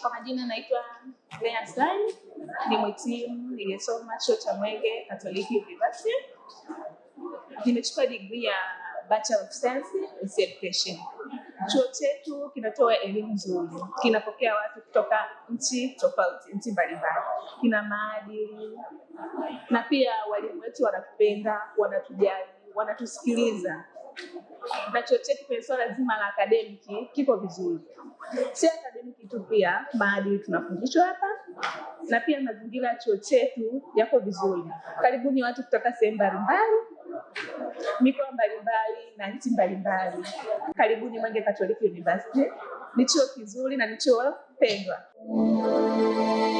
Kwa majina naitwa Lea Slai, ni mwitimu, nilisoma chuo cha Mwenge Katoliki University. Nimechukua degree ya Bachelor of Science in Education. Chuo chetu kinatoa elimu nzuri, kinapokea watu kutoka nchi tofauti, nchi mbalimbali, kina maadili na pia walimu wetu wanatupenda, wanatujali, wanatusikiliza na chuo chetu kwenye swala zima la akademiki kiko vizuri, si akademiki tu, pia maadili tunafundishwa hapa na pia mazingira ya chuo chetu yako vizuri. Karibuni watu kutoka sehemu mbalimbali, mikoa mbalimbali na nchi mbalimbali. Karibuni Mwenge Katoliki University, ni chuo kizuri na ni chuo pendwa.